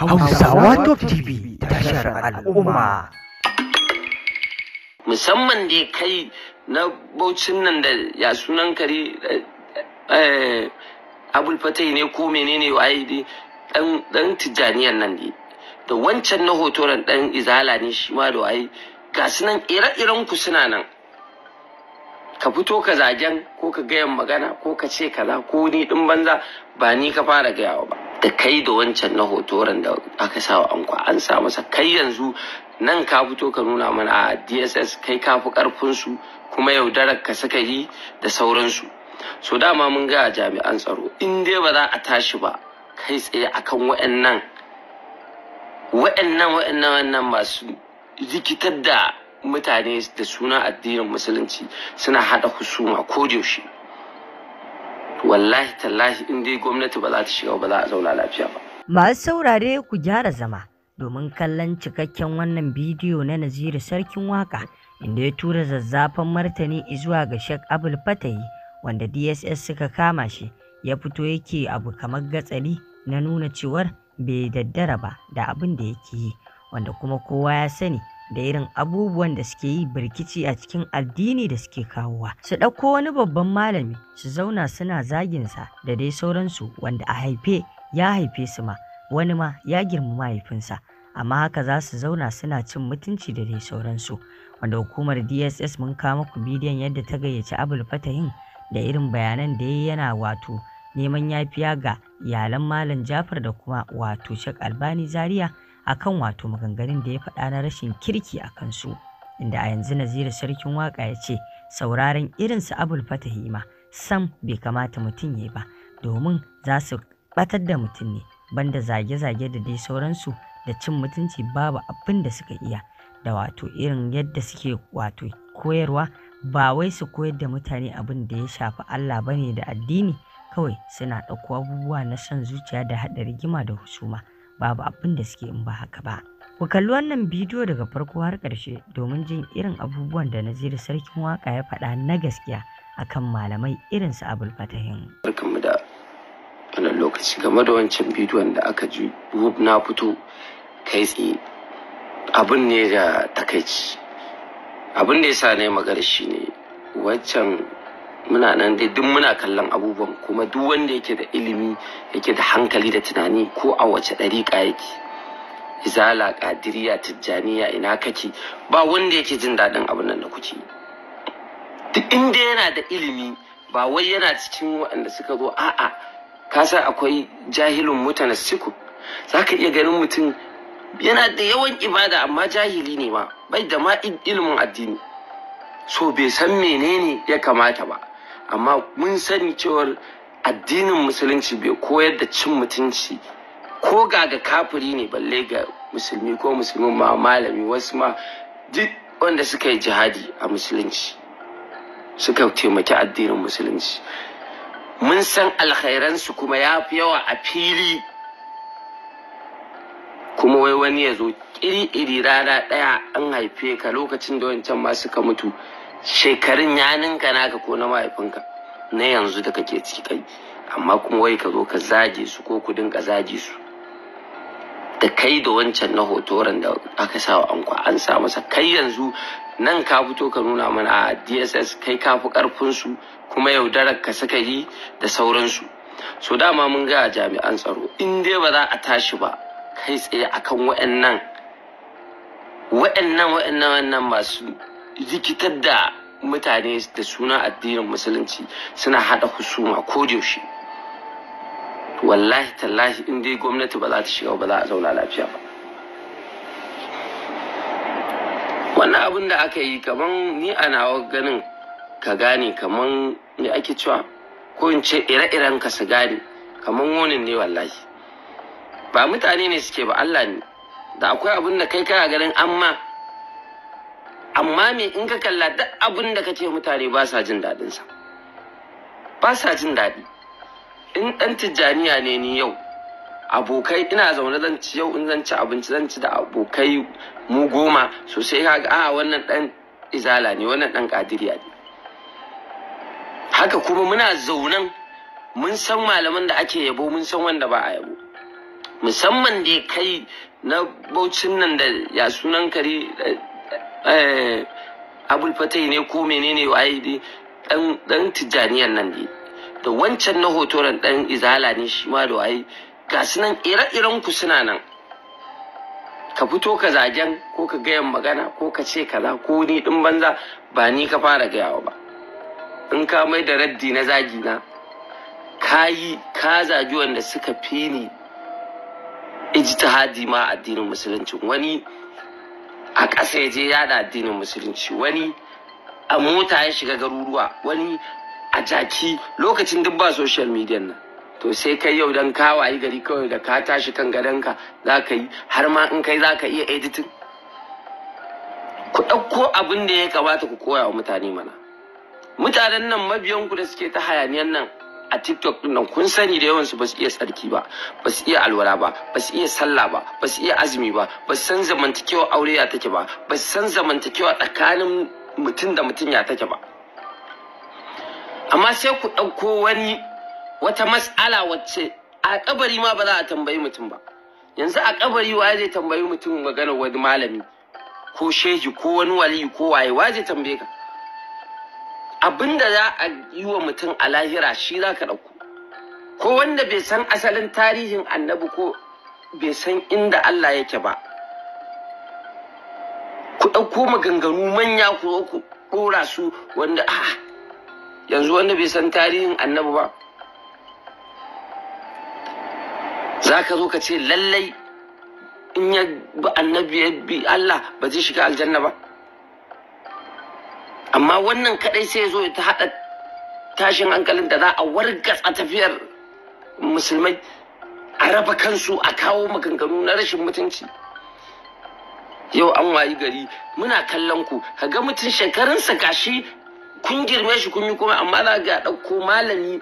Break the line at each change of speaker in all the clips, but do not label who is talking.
Hausawa Top TV tashar al'umma.
Musamman da kai na baucin nan da ya sunan kare eh, eh, abul fatai ne ko menene waye dai dan tijjaniyar nan ne da wancan na hotoran dan izala ne shi ma da waye ga su ire-iren ku suna nan ka fito ka zagen ko ka gayan magana ko ka ce kaza ko ni din banza ba ni ka fara gayawa ba da kai da wancan na hotoran da aka sa wa anko an sa masa kai yanzu nan ka fito ka nuna mana a dss kai ka fi karfinsu kuma yaudarar ka suka yi da sauransu so dama mun ga jami'an tsaro in dai ba za a tashi ba kai tsaye akan wa'annan wa'annan wa'annan wa'annan masu rikitar da mutane da suna addinin musulunci suna hada husuma ko yaushe wallahi tallahi in dai gwamnati ba za ta shiga ba za a zauna lafiya ba
masu saurare ku gyara zama domin kallon cikakken wannan bidiyo na Naziru sarkin waka inda ya tura zazzafan martani izuwa ga shek Abul Fatayi wanda DSS suka kama shi ya fito yake abu kamar gatsari na nuna cewar bai daddara ba da abin da yake yi wanda kuma kowa ya sani da irin abubuwan da suke yi birkici a cikin addini da suke kawowa su ɗauko wani babban malami su zauna suna zaginsa da dai sauransu wanda a haife ya haife su ma wani ma ya girma mahaifinsa amma haka za su zauna suna cin mutunci da dai sauransu wanda hukumar dss mun kama ku bidiyon yadda ta gayyaci abul fatahin da irin bayanan da ya yana wato neman yafiya ga iyalan malam jafar da kuma wato shek albani zaria akan wato maganganun da ya faɗa na rashin kirki a kansu inda a yanzu Naziru sarkin waka ya ce sauraron irin su Abul Fatahi sam bai kamata mutum ya ba domin za su batar da mutum ne banda zage-zage da dai sauransu da cin mutunci babu abin da suka iya da wato irin yadda suke wato koyarwa ba wai su koyar da mutane abin da ya shafi Allah bane da addini kawai suna ɗauko abubuwa na son zuciya da haɗa rigima da husuma babu abin da suke in ba haka ba. Ku kalli wannan bidiyo daga farko har ƙarshe domin jin irin abubuwan da da sarkin waka ya faɗa na gaskiya akan malamai irin su Abul Fatahin.
Barkanmu da wannan lokaci game da wancan bidiyon da aka ji na fito kai tsaye abin ne da takaici abin da ya sa yi magana shi ne waccan muna nan dai duk muna kallon abubuwan kuma duk wanda yake da ilimi yake da hankali da tunani ko a wace ɗariƙa yake izala ƙadiriya tijjaniya ina kake ba wanda yake jin daɗin abin nan da kuke duk inda yana da ilimi ba wai yana cikin waɗanda suka zo a'a ka san akwai jahilin mutane siku za ka iya ganin mutum yana da yawan ibada amma jahili ne ma bai da ma ilimin addini so bai san menene ya kamata ba amma mun sani cewar addinin musulunci bai koyar da cin mutunci ko ga ga kafiri ne balle ga musulmi ko musulmin ma malami wasu ma duk wanda suka yi jihadi a musulunci suka taimaki addinin musulunci mun san alkhairansu kuma ya fi yawa a fili kuma wai wani ya zo iri-iri rana ɗaya an haife ka lokacin da wancan ma suka mutu shekarun ya ninka naka ko na mahaifinka na yanzu da kake ciki kai amma kuma wai ka zo ka zage su ko ku dinka zage su da kai da wancan na hotoran da aka sa wa anko an sa masa kai yanzu nan ka fito ka nuna mana a ah, dss kai ka fi karfin su kuma yaudarar ka suka yi da sauransu so dama mun ga jami'an tsaro in dai ba za a tashi ba kai tsaye akan wa'annan wa'annan wa'annan masu Likitar da mutane da suna addinin musulunci suna hada husuma ko yaushe wallahi tallahi in dai gwamnati ba za ta shiga ba za a zauna lafiya ba wannan abin da aka yi kaman ni a nawa ganin ka gane kaman me ake cewa ko in ce ire-iren ka su gane kaman wonin ne wallahi ba mutane ne suke ba Allah ne da akwai abin da kai kana ganin amma amma me in ka kalla duk abin da kace mutane ba sa jin daɗin sa ba sa jin daɗi in ɗan tijjaniya ne ni yau abokai ina zaune zan ci yau in zan ci abinci zan ci da abokai mu goma sosai kaga a wannan ɗan izala ne wannan ɗan kadiriya ne haka kuma muna zaunan mun san malaman da ake yabo mun san wanda ba a yabo musamman da kai na baucin nan da ya sunan kare eh, Eh, abul fatai ne ko menene waye ne. dan dan tijaniyan nan ne da wancan na hotoran dan izala ne shi ma da waye ga nan ire-iren ku suna nan ka fito ka zagen ko ka gayan magana ko ka ce kaza ko ni din banza ba ni ka fara gayawa ba in ka mai da raddi na zagi na ka yi ka zagi wanda suka fi ni ijtihadi ma addinin musulunci wani a ƙasa ya je yada addinin musulunci wani a mota ya shiga garuruwa wani a jaki lokacin duk ba social media nan to sai kai yau dan ka wayi gari kawai da ka tashi kan gadonka za ka yi har ma in kai za ka iya editin? ku ɗauko abin da ya kamata ku koya wa mutane mana mutanen nan mabiyanku da suke ta hayaniyan nan a tiktok din nan kun sani da yawansu ba su iya sarki ba ba su iya alwala ba ba su iya sallah ba ba su iya azumi ba ba su san zamantakewa aure ya take ba ba su san zamantakewa tsakanin mutum da mutum ya take ba amma sai ku ɗauko wani wata mas'ala wacce a kabari ma ba za a tambayi mutum ba yanzu a kabari wa zai tambayi mutum maganar wani malami ko shehi ko wani waliyu ko waye wa zai tambaye ka abin da za a yi wa mutum a lahira shi za ka ɗauko ko wanda bai san asalin tarihin annabi ko bai san inda Allah yake ba ku ɗauko maganganu manya ku ku ɗora su wanda a ah, yanzu wanda bai san tarihin annabi ba za ka zo ka ce lallai in ya bi annabi ya bi Allah ba zai shiga aljanna ba amma wannan kadai sai zo ta haɗa tashin hankalin da za a wargatsa tafiyar musulmai a raba kansu a kawo maganganu na rashin mutunci yau an wayi gari muna kallon ku ka ga mutum shekarunsa gashi kun girme shi kun yi kuma amma za ga ɗauko malami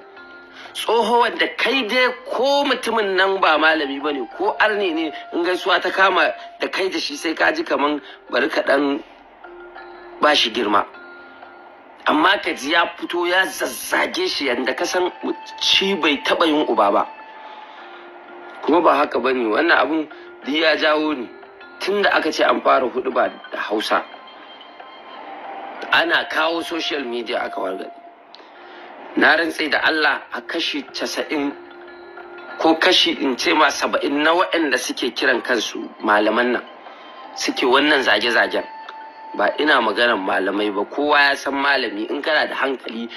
tsoho da kai dai ko mutumin nan ba malami ba ne ko arne ne in gaisuwa ta kama da kai da shi sai ka ji kaman bari ka ɗan ba shi girma amma ka ya fito ya zazzage shi yadda ka san shi bai taɓa yin uba ba kuma ba haka ba ne wannan abin duk ya jawo ne tun da aka ce an fara hudu ba da hausa ana kawo social media aka warga na rantse da allah a kashi casa'in ko kashi in ce ma saba'in na waɗanda suke kiran kansu malaman nan suke wannan zage-zagen ba ina maganar malamai ba kowa ya san malami in kana da hankali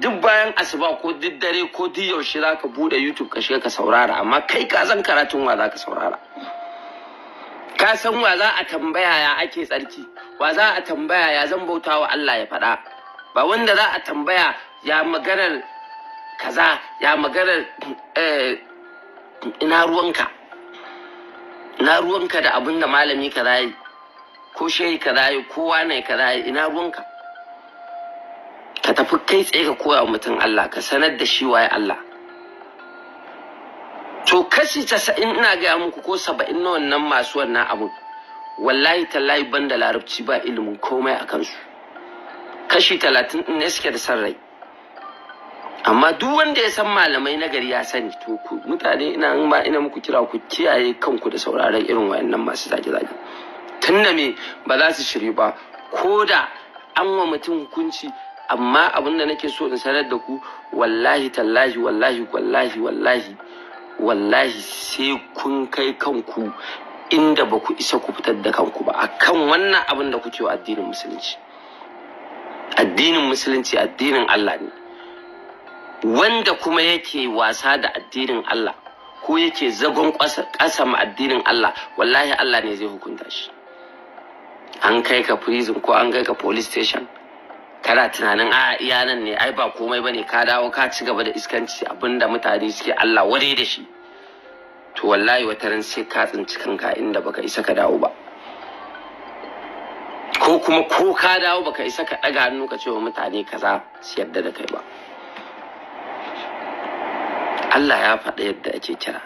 duk bayan asuba ko duk dare ko duk yaushe za ka bude youtube ka shiga ka saurara amma kai ka san karatun wa za ka saurara ka san wa za a tambaya ya ake tsarki wa za a tambaya ya zan bauta wa Allah ya faɗa ba wanda za a tambaya ya maganar kaza ya maganar eh, ina ruwanka ina ruwanka da abinda da malami kaza yi ko shehi ka yi kowa ne ka yi ina gunka ka tafi kai tsaye ka koya mutum Allah ka sanar da shi waye Allah to kashi casa'in ina gaya muku ko saba'in na wannan masu wannan abu wallahi tallahi ban da larabci ba ilimin komai a kansu kashi talatin ne suke da san rai amma duk wanda ya san malamai na gari ya sani to ku mutane ina in ba ina muku kira ku kiyaye kanku da sauraron irin wayannan masu zage-zage tunda me ba za su shiri ba ko da an wa mutum hukunci amma abin da nake so in sanar da ku wallahi tallahi wallahi wallahi wallahi wallahi sai kun kai kanku inda ba ku isa ku fitar da kanku ba akan wannan abin da kuke wa addinin musulunci addinin musulunci addinin Allah ne wanda kuma yake wasa da addinin Allah ko yake zagon ƙasa ma addinin Allah wallahi Allah ne zai hukunta shi an kai ka prison ko an kai ka police station kana tunanin a iya ne ai ba komai bane ka dawo ka ci gaba da iskanci abinda mutane suke Allah ware da shi to wallahi wata ran sai ka tsinci kanka inda baka isa ka dawo ba ko kuma ko ka dawo baka isa ka ɗaga hannu ka ce wa mutane kaza su yarda da kai ba Allah ya faɗa yadda ake kira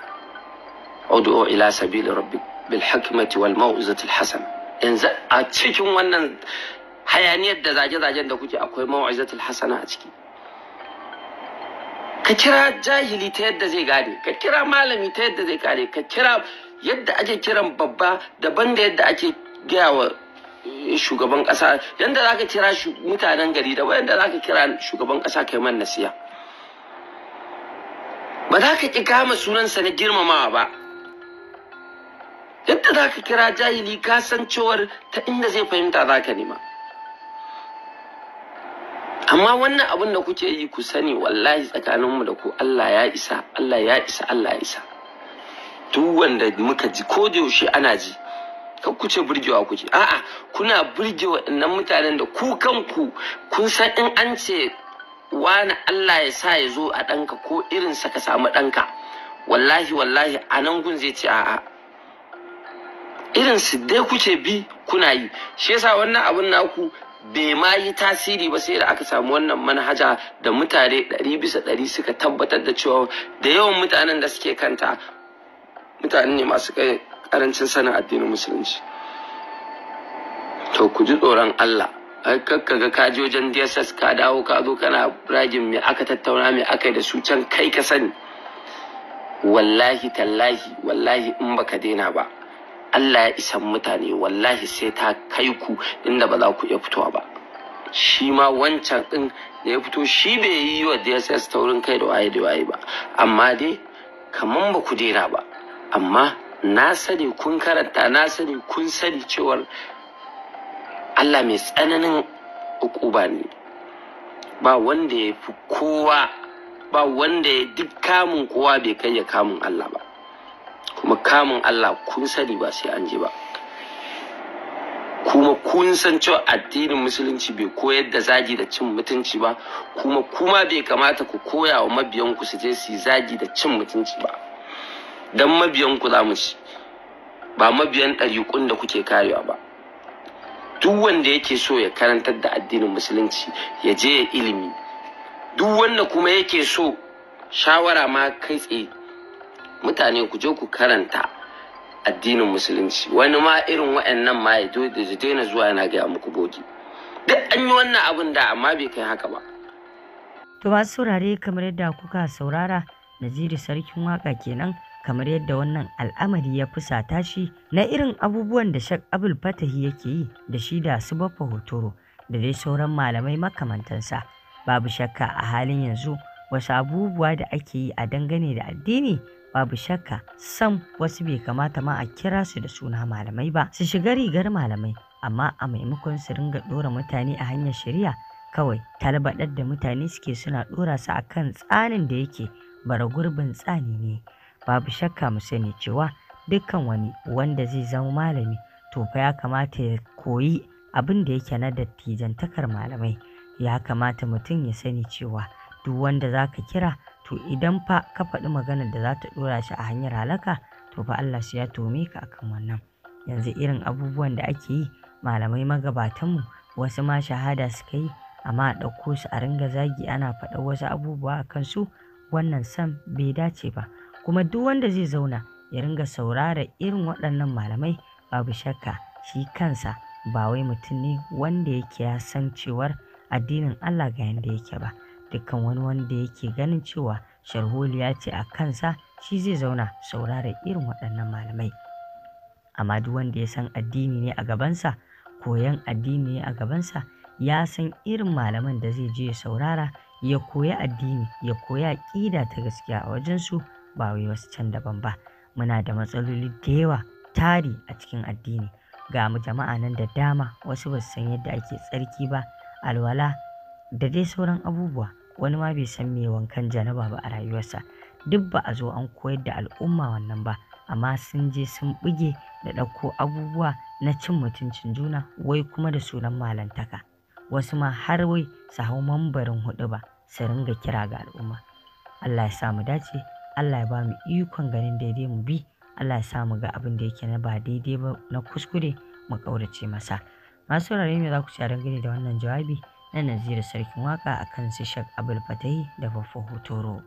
ud'u ila sabili rabbik bil hikmati wal al hasana yanzu a cikin wannan hayaniyar da zage-zagen da kuke akwai mawa'izatul hasana a ciki ka kira jahili ta yadda zai gane ka kira malami ta yadda zai gane ka kira yadda ake kiran babba daban da yadda ake gaya wa shugaban kasa yadda za ka kira mutanen gari da yadda za ka kira shugaban kasa kai man nasiya ba za ka ƙi gama sunansa na girmamawa ba yadda za ka kira jahili ka san cewar ta inda zai fahimta za ka nema amma wannan abin da kuke yi ku sani wallahi tsakaninmu da ku Allah ya isa Allah ya isa Allah ya isa duk wanda muka ji ko da yaushe ana ji kan ku ce burgewa kuke a'a kuna burge waɗannan mutanen da ku kanku kun san in an ce wani Allah ya sa ya zo a ɗanka ko irinsa ka samu ɗanka wallahi wallahi a nan gun zai ce a'a irin su dai kuke bi kuna yi shi yasa wannan abun naku bai ma yi tasiri ba sai da aka samu wannan manhaja da mutane ɗari bisa ɗari suka tabbatar da cewa da yawan mutanen da suke kanta mutane ne masu ƙarancin sanin addinin musulunci to ku ji tsoron Allah ai kakka ga ka DSS ka dawo ka zo kana ragin me aka tattauna me aka yi da su can kai ka sani wallahi tallahi wallahi in baka daina ba Allah ya isan mutane wallahi sai ta kai ku inda ba za ku iya fitowa ba shi ma wancan ɗin da ya fito shi bai yi wa dss taurin kai da waye da waye ba amma dai kamar ba ku daina ba amma na sani kun karanta na sani kun sani cewar allah mai tsananin ukuba ne ba wanda ya fi kowa ba wanda ya duk kamun kowa bai kai ya kamun allah ba kuma kamun Allah kun sani ba sai an je ba kuma kun san cewa addinin musulunci bai koyar da zagi da cin mutunci ba kuma kuma bai kamata ku koya wa mabiyanku su je su yi zagi da cin mutunci ba don mabiyanku za mu ci ba mabiyan kun da kuke karewa ba duk wanda yake so ya karantar da addinin musulunci ya je ya ilimi duk wanda kuma yake so shawara ma kai tsaye mutane ku je ku karanta addinin musulunci wani ma irin wa'annan ma ya da daina zuwa yana gaya muku bogi duk an yi wannan abin da amma bai kai haka ba
to masu saurare kamar yadda kuka saurara naziri sarkin waka kenan kamar yadda wannan al'amari ya fusata shi na irin abubuwan da shak abul fatahi yake yi da shi da su baffa hotoro da dai sauran malamai makamantansa babu shakka a halin yanzu wasu abubuwa da ake yi a dangane da addini babu shakka sam wasu bai kamata ma a kira su da suna malamai ba su shiga rigar malamai amma a maimakon su ringa ɗora mutane a hanyar shari'a kawai talbaɗar da mutane suke suna ɗora su a kan tsanin da yake bara gurbin tsani ne babu shakka mu sani cewa dukkan wani wanda zai zama malami to fa ya kamata ya koyi abin da yake na dattijantakar malamai ya kamata mutum ya sani cewa duk wanda zaka kira to idan fa ka faɗi maganar da za ta ɗora shi a hanyar halaka to fa Allah shi ya tome ka akan wannan yanzu irin abubuwan da ake yi malamai magabatanmu wasu ma shahada suka yi amma a ɗauko su a ringa zagi ana faɗa wasu abubuwa a kansu wannan san bai dace ba kuma duk wanda zai zauna ya ringa saurara irin waɗannan malamai babu shakka shi kansa ba wai mutum ne wanda yake ya san cewar addinin Allah ga yanda yake ba. dukkan wani wanda yake ganin cewa sharholiya ce a kansa shi zai zauna saurara irin waɗannan malamai amma duk wanda ya san addini ne a gabansa koyan addini ne a gabansa ya san irin malaman da zai je ya saurara ya koya addini ya koya ƙida ta gaskiya a wajensu ba wai wasu can daban ba muna da matsaloli da yawa tari a cikin addini ga mu jama'a nan da dama wasu ba su san yadda ake tsarki ba alwala da dai sauran abubuwa wani ma bai san me wankan janaba ba a rayuwarsa duk ba a zo an koyar da al'umma wannan ba amma sun je sun buge da ɗauko abubuwa na cin mutuncin juna wai kuma da sunan malantaka wasu ma har wai su hau mambarin hudu ba su ringa kira ga al'umma Allah ya sa mu dace Allah ya ba mu ikon ganin daidai mu bi Allah ya sa mu ga abin da yake na ba daidai ba na kuskure mu kaurace masa masu wurare ne za ku ci gani da wannan jawabi na Naziru Sarkin Waƙa a kan su Shek da Baffa